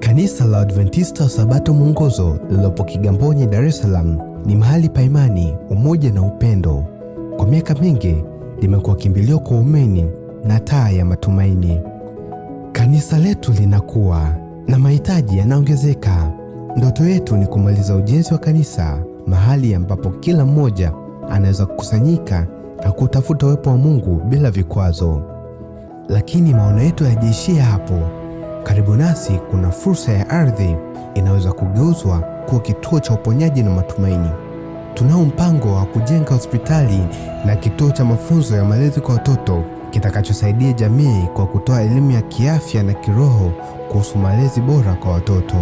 Kanisa la Adventista Sabato Mwongozo lililopo Kigamboni, Dar es Salaam ni mahali pa imani, umoja na upendo. Kwa miaka mingi limekuwa kimbilio kwa umeni na taa ya matumaini. Kanisa letu linakuwa na mahitaji yanaongezeka. Ndoto yetu ni kumaliza ujenzi wa kanisa, mahali ambapo kila mmoja anaweza kukusanyika na kutafuta uwepo wa Mungu bila vikwazo. Lakini maono yetu hayajaishia hapo. Karibu nasi kuna fursa ya ardhi inaweza kugeuzwa kuwa kituo cha uponyaji na matumaini. Tunao mpango wa kujenga hospitali na kituo cha mafunzo ya malezi kwa watoto kitakachosaidia jamii kwa kutoa elimu ya kiafya na kiroho kuhusu malezi bora kwa watoto.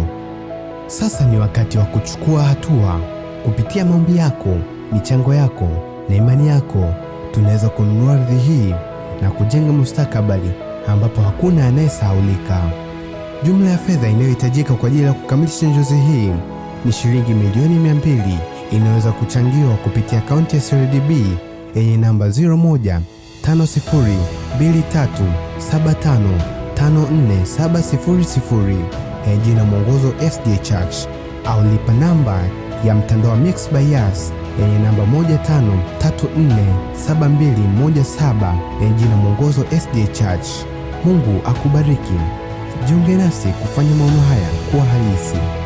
Sasa ni wakati wa kuchukua hatua. Kupitia maombi yako, michango yako na imani yako, tunaweza kununua ardhi hii na kujenga mustakabali ambapo hakuna anayesahaulika. Jumla ya fedha inayohitajika kwa ajili ya kukamilisha njozi hii ni shilingi milioni mia mbili inayoweza kuchangiwa kupitia akaunti ya CRDB yenye namba 01 5023755470 yenye jina mwongozo SDA Church au lipa namba ya mtandao wa Mixx by Yas yenye namba 15347217 yenye jina mwongozo SDA Church. Mungu akubariki. Jiunge nasi kufanya maono haya kuwa halisi.